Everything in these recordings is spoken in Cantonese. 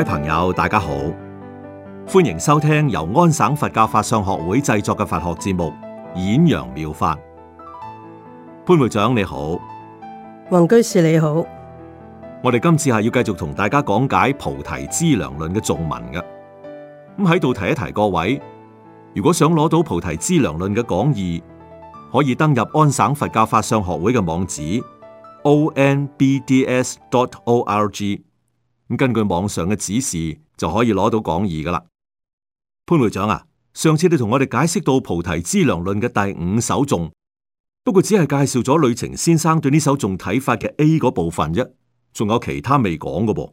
各位朋友，大家好，歡迎收聽由安省佛教法相學會製作嘅佛學節目《演揚妙，妙法》。潘會長你好，王居士你好，我哋今次係要繼續同大家講解《菩提資糧論》嘅頌文嘅。咁喺度提一提各位，如果想攞到《菩提資糧論》嘅講義，可以登入安省佛教法相學會嘅網址：o n b d s dot o r g。咁根據網上嘅指示，就可以攞到講義噶啦。潘會長啊，上次你同我哋解釋到《菩提資糧論》嘅第五首頌，不過只係介紹咗呂澄先生對呢首頌睇法嘅 A 嗰部分啫，仲有其他未講嘅噃。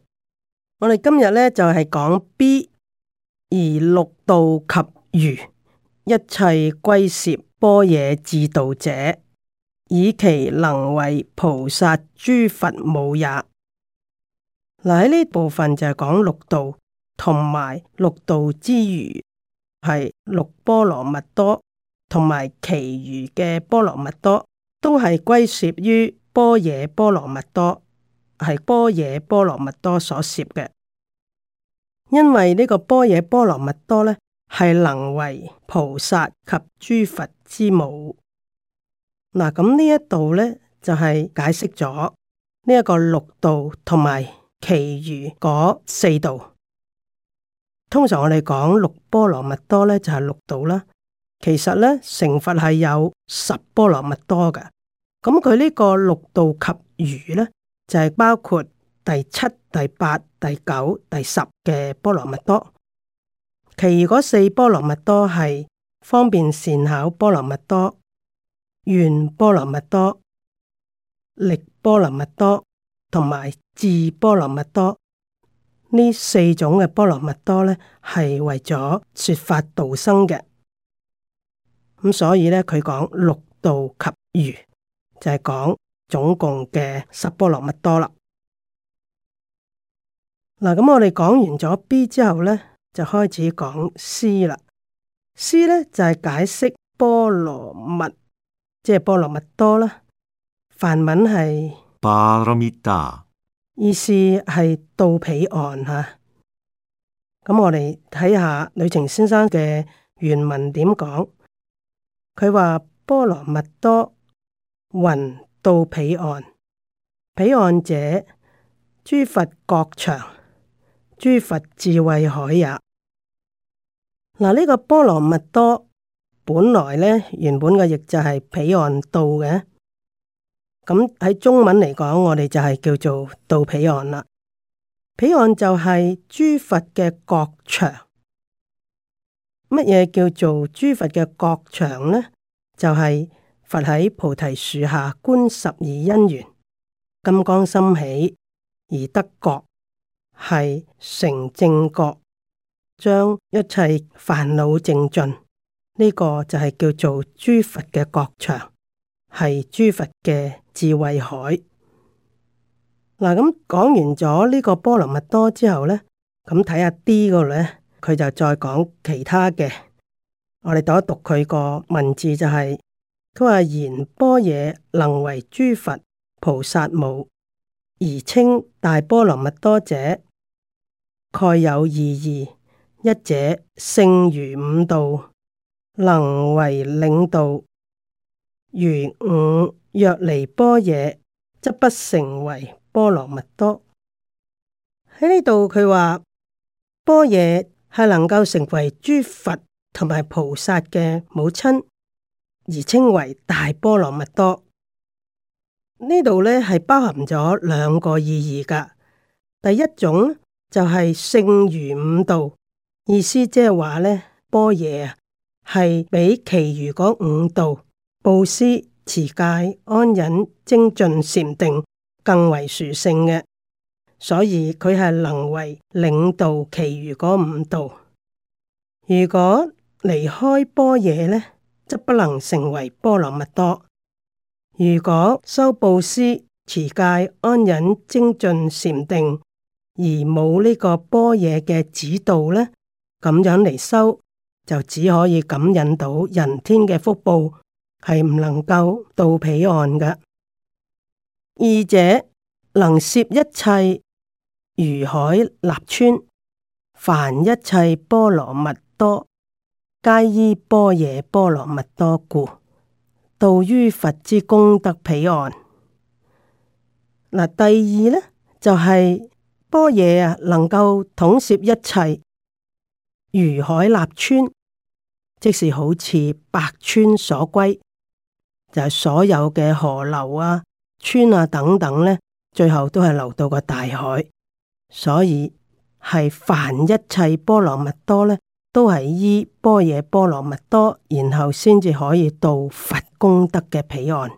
我哋今日咧就係、是、講 B，而六道及餘一切歸攝般若自度者，以其能為菩薩諸佛母也。嗱，呢部分就係講六度。同埋六度之餘係六波羅蜜多，同埋其餘嘅波羅蜜多都係歸攝於般若波羅蜜多，係般若波羅蜜多所攝嘅。因為呢個般若波羅蜜多咧係能為菩薩及諸佛之母。嗱，咁呢一度咧就係、是、解釋咗呢一個六度同埋。其餘嗰四度，通常我哋講六波羅蜜多咧，就係六度啦。其實咧，成佛係有十波羅蜜多嘅。咁佢呢個六度及餘咧，就係包括第七、第八、第九、第十嘅波羅蜜多。其餘嗰四波羅蜜多係方便善巧波羅蜜多、願波羅蜜多、力波羅蜜多。同埋智波羅蜜，蜜多呢四種嘅波羅蜜多咧，係為咗說法度生嘅。咁、嗯、所以咧，佢講六度及餘，就係、是、講總共嘅十波羅蜜多啦。嗱、嗯，咁我哋講完咗 B 之後咧，就開始講 C 啦。C 咧就係、是、解釋波羅蜜，即係波羅蜜多啦。梵文係。意思係到彼岸吓，咁、啊嗯、我哋睇下呂澄先生嘅原文點講。佢話波羅蜜多云到彼岸，彼岸者，諸佛國場，諸佛智慧海也。嗱、啊、呢、這個波羅蜜多本來呢，原本嘅譯就係彼岸到嘅。咁喺、嗯、中文嚟講，我哋就係叫做到彼岸啦。彼岸就係諸佛嘅國場。乜嘢叫做諸佛嘅國場呢？就係、是、佛喺菩提樹下觀十二因緣，金剛心起而得國，係成正覺，將一切煩惱淨盡。呢、這個就係叫做諸佛嘅國場，係諸佛嘅。智慧海嗱，咁、啊、講完咗呢個波羅蜜多之後咧，咁睇下 D 個咧，佢就再講其他嘅。我哋讀一讀佢個文字就係、是：佢話言般若能為諸佛菩薩母，而稱大波羅蜜多者，蓋有二義：一者勝於五道，能為領導；如五。若離般若，則不成為波羅蜜多。喺呢度佢話般若係能夠成為諸佛同埋菩薩嘅母親，而稱為大波羅蜜多。呢度呢係包含咗兩個意義噶。第一種就係勝餘五度，意思即係話呢般若啊係比其餘嗰五度布施、持戒、安忍、精進、禪定，更為殊勝嘅，所以佢係能為領導其餘嗰五度。如果離開般若呢，則不能成為波羅蜜多。如果修布施、持戒、安忍、精進、禪定，而冇呢個般若嘅指導呢，咁樣嚟修就只可以感應到人天嘅福報。係唔能夠到彼岸嘅。二者能攝一切如海立川，凡一切波羅蜜多，皆依般若波羅蜜多故，到於佛之功德彼岸。嗱，第二呢，就係般若啊，能夠統攝一切如海立川，即是好似百川所歸。就係所有嘅河流啊、村啊等等咧，最後都係流到個大海。所以係凡一切波羅蜜多咧，都係依般若波羅蜜多，然後先至可以到佛功德嘅彼岸。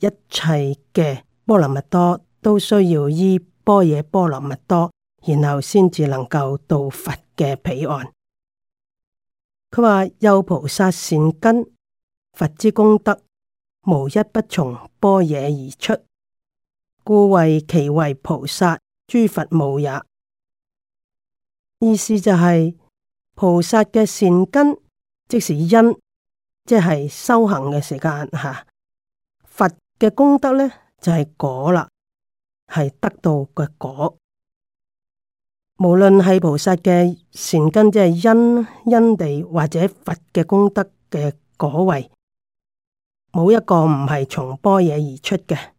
一切嘅波羅蜜多都需要依般若波羅蜜多，然後先至能夠到佛嘅彼岸。佢話有菩薩善根。佛之功德，無一不從般若而出，故謂其為菩薩諸佛母也。意思就係、是、菩薩嘅善根，即是因，即係修行嘅時間吓。佛嘅功德咧就係、是、果啦，係得到嘅果。無論係菩薩嘅善根，即係因因地，或者佛嘅功德嘅果位。冇一個唔係從般若而出嘅，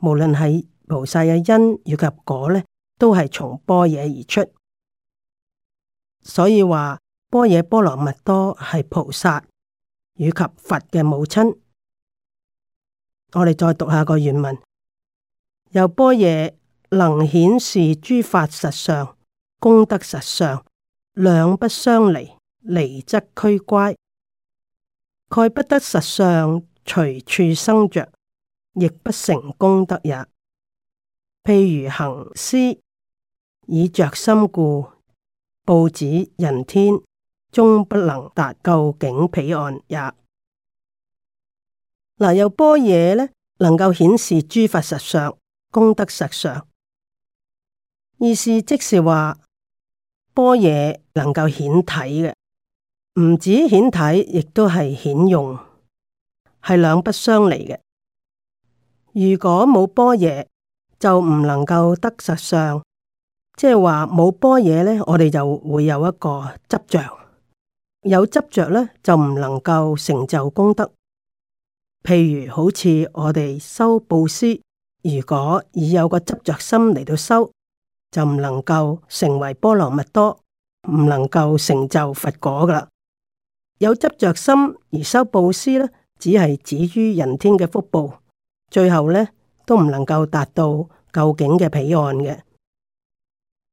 無論係菩薩嘅因與及果咧，都係從般若而出。所以話般若波羅蜜多係菩薩以及佛嘅母親。我哋再讀下個原文，由般若，能顯示諸法實相、功德實相，兩不相離，離則俱乖。蓋不得實相，隨處生着，亦不成功德也。譬如行施以着心故，報子人天，終不能達究竟彼岸也。嗱，有般若呢，能夠顯示諸法實相、功德實相，意思即是話般若能夠顯體嘅。唔止顯體，亦都係顯用，係兩不相離嘅。如果冇般若，就唔能夠得實相，即係話冇般若咧，我哋就會有一個執着，有執着咧，就唔能夠成就功德。譬如好似我哋修布施，如果已有個執着心嚟到修，就唔能夠成為波羅蜜多，唔能夠成就佛果㗎喇。有執着心而修布施咧，只係止於人天嘅福報，最後咧都唔能夠達到究竟嘅彼岸嘅。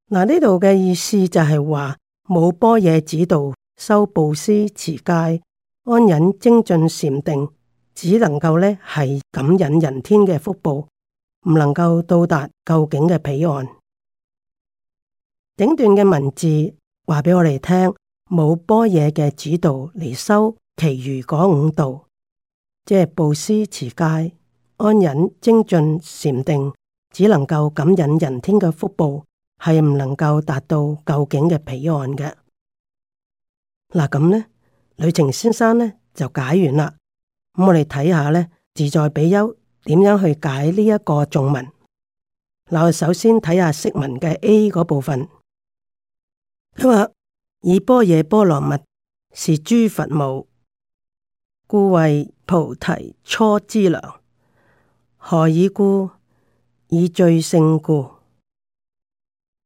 嗱，呢度嘅意思就係話，冇般若指導修布施、持戒、安忍、精進、禪定，只能夠咧係感引人天嘅福報，唔能夠到達究竟嘅彼岸。整段嘅文字話俾我哋聽。冇般若嘅指導嚟修其餘嗰五道，即係布施、持戒、安忍、精進、禪定，只能夠感引人天嘅福報，係唔能夠達到究竟嘅彼岸嘅。嗱咁咧，呂程先生咧就解完啦。咁我哋睇下咧自在比丘點樣去解呢一個頌文。嗱，我哋首先睇下釋文嘅 A 嗰部分，佢話。以般若波羅蜜是諸佛母，故為菩提初之良。何以故？以最勝故。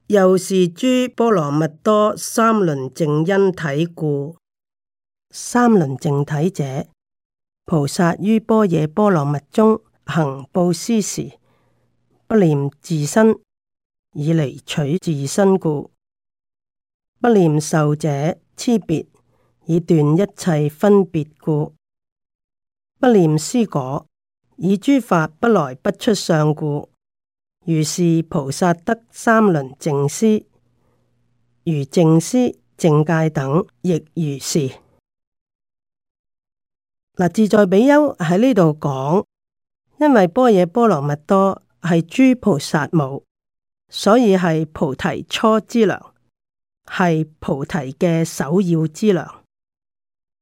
又是諸波羅蜜多三輪正因體故。三輪正體者，菩薩於般若波羅蜜中行布施時，不念自身以離取自身故。不念受者痴別，以斷一切分別故；不念施果，以諸法不來不出相故。如是菩薩得三輪淨施，如淨施淨戒等，亦如是。嗱，自在比丘喺呢度講，因為般若波羅蜜多係諸菩薩母，所以係菩提初之良。係菩提嘅首要資糧，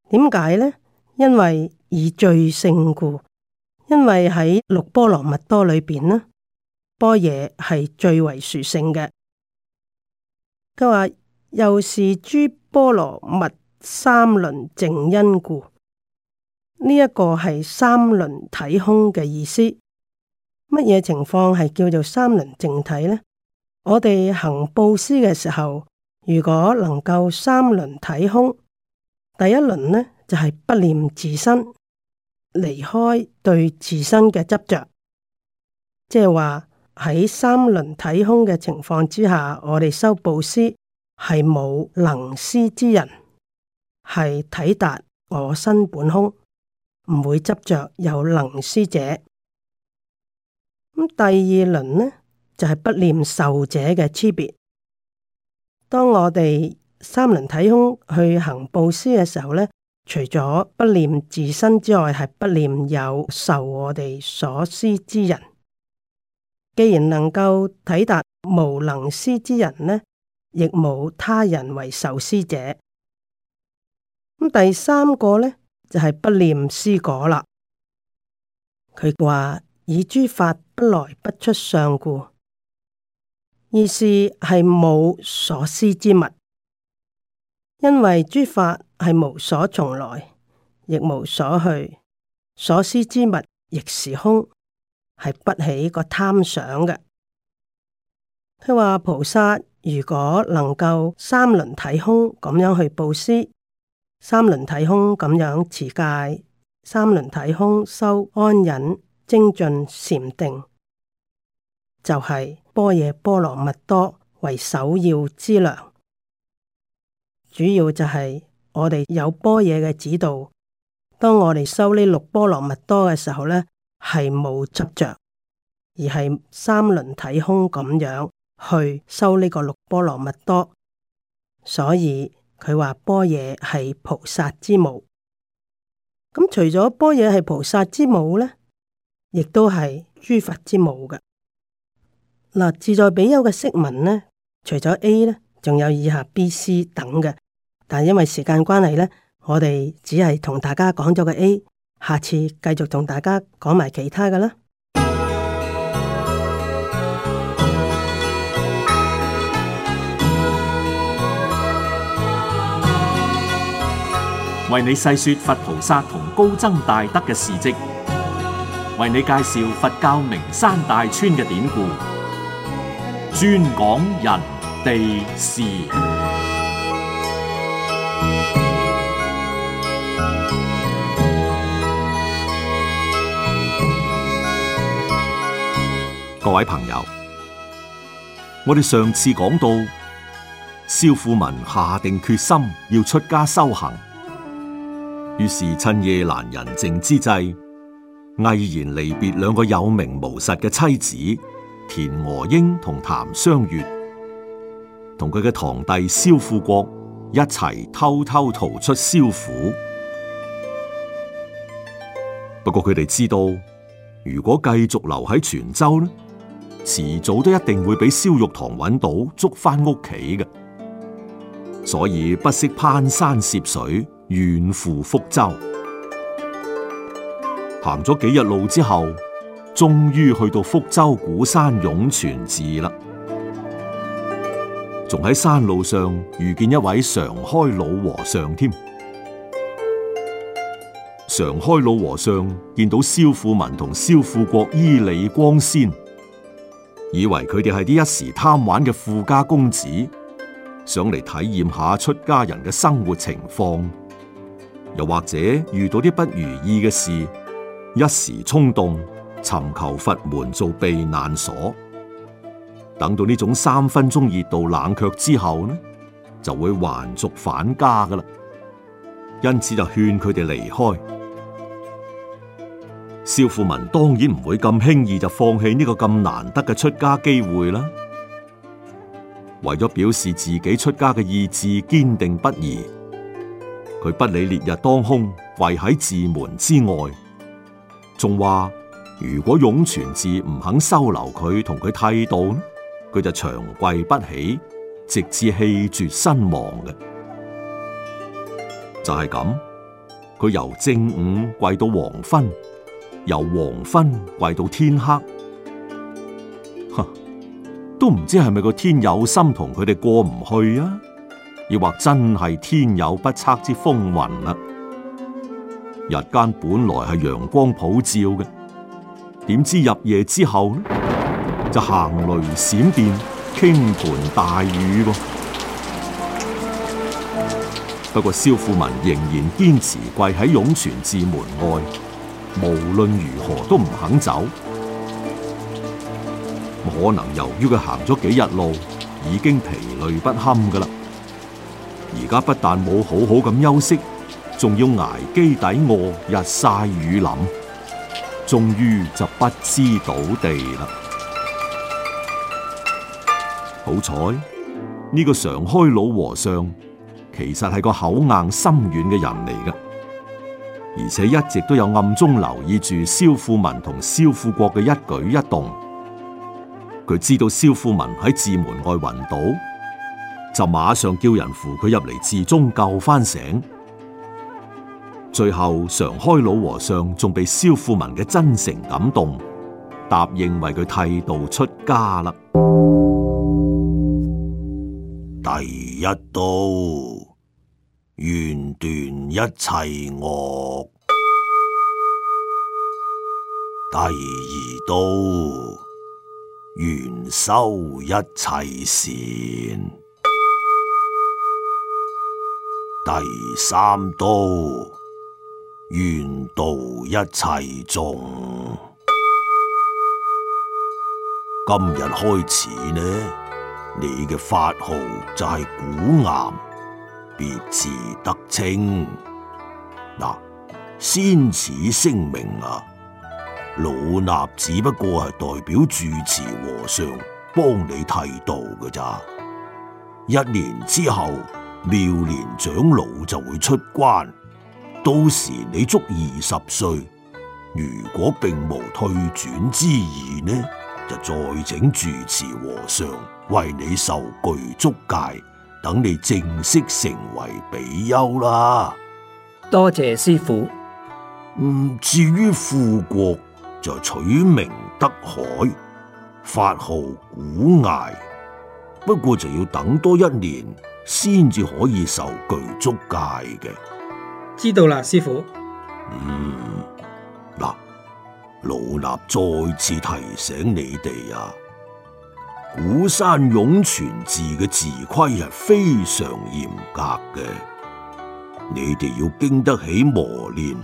點解呢？因為以最勝故，因為喺六波羅蜜多裏邊呢，般若係最為殊勝嘅。佢話又是諸波羅蜜三輪淨因故，呢一個係三輪體空嘅意思。乜嘢情況係叫做三輪淨體呢？我哋行布施嘅時候。如果能夠三輪體空，第一輪呢就係、是、不念自身，離開對自身嘅執着，即係話喺三輪體空嘅情況之下，我哋修布施係冇能施之人，係體達我身本空，唔會執着有能施者。咁第二輪呢就係、是、不念受者嘅區別。當我哋三輪體空去行布施嘅時候咧，除咗不念自身之外，係不念有受我哋所施之人。既然能夠體達無能施之人呢，亦無他人為受施者。咁第三個咧就係、是、不念施果啦。佢話以諸法不來不出相故，意思係冇所思之物，因為諸法係無所從來，亦無所去，所思之物亦是空，係不起個貪想嘅。佢話菩薩如果能夠三輪體空咁樣去布施，三輪體空咁樣持戒，三輪體空修安忍，精進禪定，就係、是。波耶波羅蜜多為首要之糧，主要就係我哋有般若嘅指導。當我哋收呢六波羅蜜多嘅時候咧，係冇執着，而係三輪體空咁樣去收呢個六波羅蜜多。所以佢話般若係菩薩之母。咁除咗般若係菩薩之母咧，亦都係諸佛之母嘅。嗱，自在比丘嘅釋文呢，除咗 A 呢，仲有以下 B、C 等嘅。但因為時間關係呢，我哋只係同大家講咗個 A，下次繼續同大家講埋其他嘅啦。為你細說佛菩薩同高僧大德嘅事跡，為你介紹佛教名山大川嘅典故。專講人哋事。各位朋友，我哋上次講到，蕭富民下定決心要出家修行，於是趁夜闌人靜之際，毅然離別兩個有名無實嘅妻子。田和英同譚湘月同佢嘅堂弟蕭富國一齊偷偷逃出蕭府，不過佢哋知道，如果繼續留喺泉州呢，遲早都一定會俾蕭玉堂揾到捉翻屋企嘅，所以不惜攀山涉水遠赴福州，行咗幾日路之後。終於去到福州鼓山湧泉寺啦，仲喺山路上遇見一位常開老和尚添。常開老和尚見到蕭富民同蕭富國衣履光鮮，以為佢哋係啲一時貪玩嘅富家公子，想嚟體驗下出家人嘅生活情況，又或者遇到啲不如意嘅事，一時衝動。尋求佛門做避難所，等到呢種三分鐘熱度冷卻之後呢，就會還俗返家噶啦。因此就勸佢哋離開。蕭富民當然唔會咁輕易就放棄呢個咁難得嘅出家機會啦。為咗表示自己出家嘅意志堅定不移，佢不理烈日當空，圍喺寺門之外，仲話。如果湧泉寺唔肯收留佢同佢剃度呢，佢就長跪不起，直至氣絕身亡嘅。就係咁，佢由正午跪到黃昏，由黃昏跪到天黑，都唔知係咪個天有心同佢哋過唔去啊？抑或真係天有不測之風雲啊。日間本來係陽光普照嘅。點知入夜之後呢，就行雷閃電、傾盆大雨。不過蕭富民仍然堅持跪喺湧泉寺門外，無論如何都唔肯走。可能由於佢行咗幾日路，已經疲累不堪噶啦。而家不但冇好好咁休息，仲要挨飢抵餓、日晒雨淋。終於就不知倒地啦！好彩呢個常開老和尚其實係個口硬心軟嘅人嚟㗎，而且一直都有暗中留意住蕭富民同蕭富國嘅一舉一動。佢知道蕭富民喺寺門外暈倒，就馬上叫人扶佢入嚟寺中救返醒。最後，常開老和尚仲被蕭富文嘅真誠感動，答應為佢剃度出家啦。第一刀，願斷一切惡；第二刀，願修一切善；第三刀。願道一切眾，今日開始呢，你嘅法號就係古岩，別字德清。嗱，先此聲明啊，老衲只不過係代表住持和尚幫你剃度嘅咋。一年之後，妙蓮長老就會出關。到時你足二十歲，如果並無退轉之意呢，就再請住持和尚為你受具足戒，等你正式成為比丘啦。多謝師傅。嗯，至於富國就取名德海，法號古崖。不過就要等多一年先至可以受具足戒嘅。知道啦，師傅。嗯，嗱，老衲再次提醒你哋啊，鼓山湧泉寺嘅寺規係非常嚴格嘅，你哋要經得起磨練，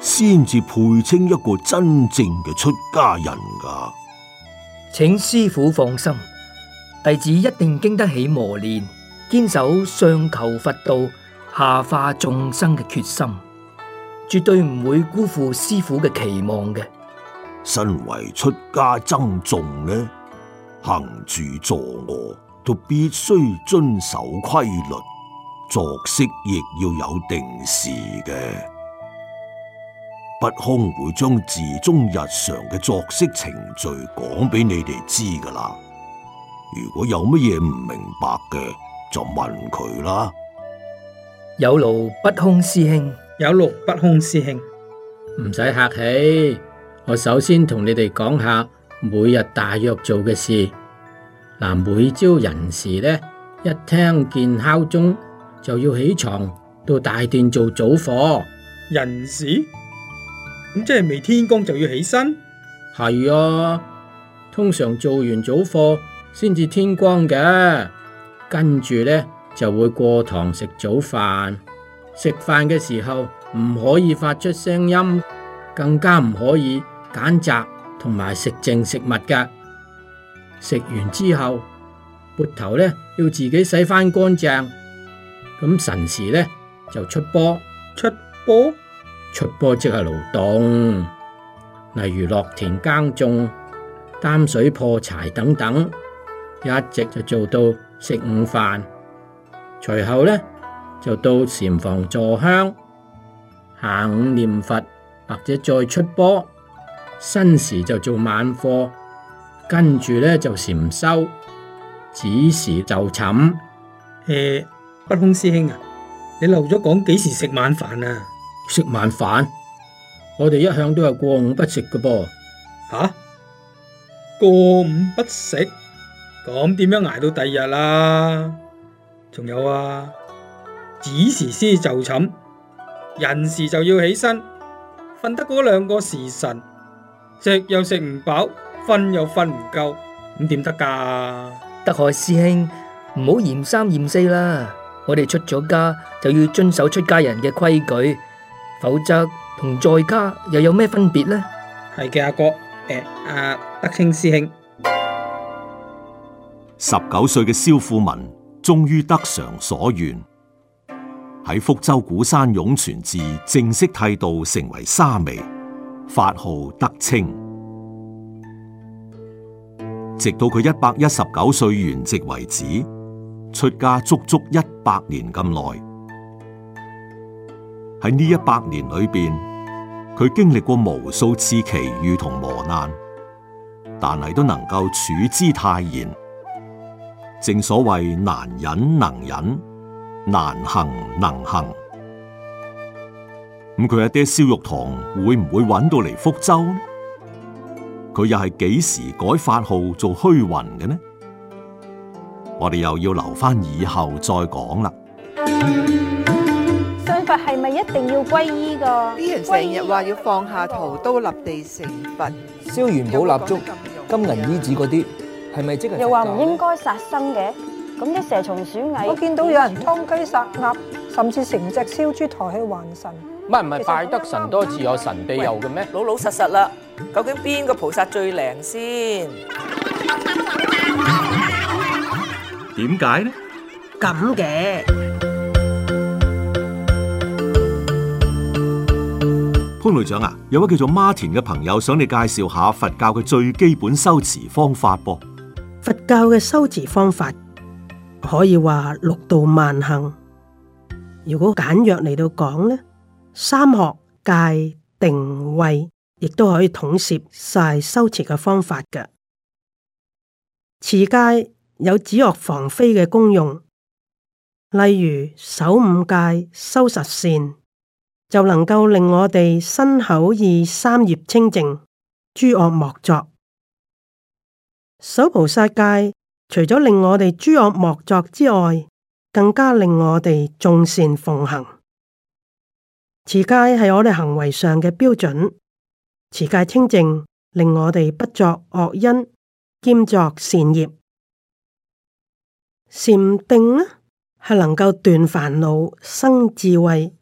先至配稱一個真正嘅出家人噶、啊。請師傅放心，弟子一定經得起磨練，堅守上求佛道。下化眾生嘅決心，絕對唔會辜負師父嘅期望嘅。身為出家僧眾呢，行住坐臥都必須遵守規律，作息亦要有定時嘅。不空會將寺中日常嘅作息程序講俾你哋知噶啦。如果有乜嘢唔明白嘅，就問佢啦。有勞不空師兄，有勞不空師兄，唔使 客氣。我首先同你哋講下每日大約做嘅事。嗱，每朝寅時呢，一聽見敲鐘就要起床，到大殿做早課。寅時咁即係未天光就要起身。係 啊，通常做完早課先至天光嘅。跟住呢？就會過堂食早飯，食飯嘅時候唔可以發出聲音，更加唔可以揀擇同埋食剩食物噶。食完之後，缽頭呢要自己洗翻乾淨。咁神時呢，就出波出波出波，即係勞動，例如落田耕種、擔水破柴等等，一直就做到食午飯。隨後呢，就到禪房坐香，下午念佛或者再出波，申時就做晚課，跟住呢，就禪修，子時就寢。誒、嗯，北空師兄啊，你漏咗講幾時食晚飯，啊、食晚飯啊？食晚飯，我哋一向都係過午不食嘅噃，吓、啊、過午不食，咁點樣挨到第二日啊？仲有啊，子時先就寢，人時就要起身。瞓得嗰兩個時辰，食又食唔飽，瞓又瞓唔夠，咁點得噶？德海師兄，唔好嫌三嫌四啦。我哋出咗家就要遵守出家人嘅規矩，否則同在家又有咩分別呢？係嘅，阿哥。誒、呃、阿、啊、德興師兄，十九歲嘅蕭富民，終於得償所願，喺福州鼓山湧泉寺正式剃度，成為沙彌，法號德清。直到佢一百一十九歲圓寂為止，出家足足一百年咁耐。喺呢一百年裏邊，佢經歷過無數次奇遇同磨難，但係都能夠處之泰然。正所謂難忍能忍，難行能行。咁佢阿爹蕭玉堂會唔會揾到嚟福州呢？佢又係幾時改法號做虛雲嘅呢？我哋又要留翻以後再講啦。信佛係咪一定要皈依噶？啲人成日話要放下屠刀立地成佛，燒元寶蠟燭、金銀衣紙嗰啲。係咪即係？又話唔應該殺生嘅，咁啲蛇蟲鼠蟻，我見到有人劏雞殺鴨，甚至成隻燒豬抬起還神。乜唔係拜得神多自有神庇佑嘅咩？老老實實啦，究竟邊個菩薩最靈先？點解呢？咁嘅潘隊長啊，有位叫做媽田嘅朋友想你介紹下佛教嘅最基本修持方法噃。佛教嘅修持方法可以話六度萬行，如果簡約嚟到講咧，三學戒定慧，亦都可以統攝晒修持嘅方法嘅。持戒有止惡防非嘅功用，例如守五戒、修十善，就能夠令我哋身口意三業清淨，諸惡莫作。守菩薩戒，除咗令我哋諸惡莫作之外，更加令我哋眾善奉行。持戒係我哋行為上嘅標準，持戒清淨，令我哋不作惡因，兼作善業。禪定呢，係能夠斷煩惱、生智慧。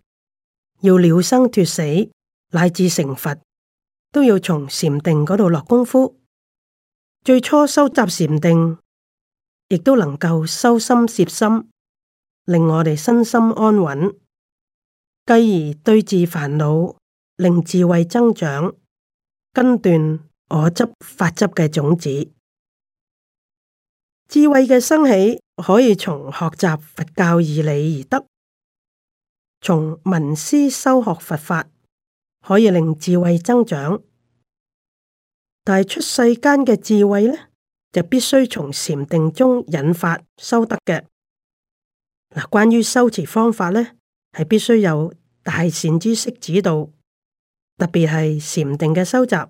要了生脫死，乃至成佛，都要從禪定嗰度落功夫。最初收集禪定，亦都能夠收心攝心，令我哋身心安穩；繼而對治煩惱，令智慧增長，根斷我執、法執嘅種子。智慧嘅生起，可以從學習佛教義理而得，從聞思修學佛法，可以令智慧增長。但係出世間嘅智慧咧，就必須從禪定中引發修得嘅嗱。關於修持方法咧，係必須有大善知識指導，特別係禪定嘅修習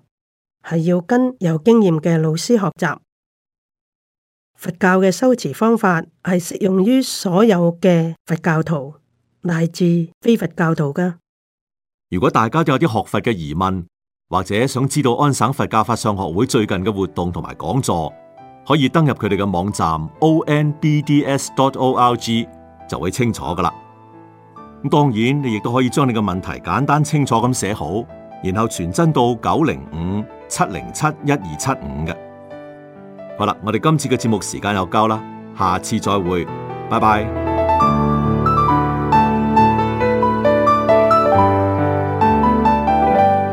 係要跟有經驗嘅老師學習。佛教嘅修持方法係適用於所有嘅佛教徒，乃至非佛教徒噶。如果大家有啲學佛嘅疑問，或者想知道安省佛教法相學會最近嘅活動同埋講座，可以登入佢哋嘅網站 o n b d s dot o l g 就會清楚噶啦。咁當然你亦都可以將你嘅問題簡單清楚咁寫好，然後傳真到九零五七零七一二七五嘅。好啦，我哋今次嘅節目時間又夠啦，下次再會，拜拜。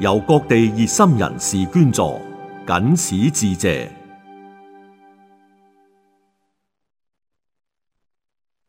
由各地熱心人士捐助，謹此致謝。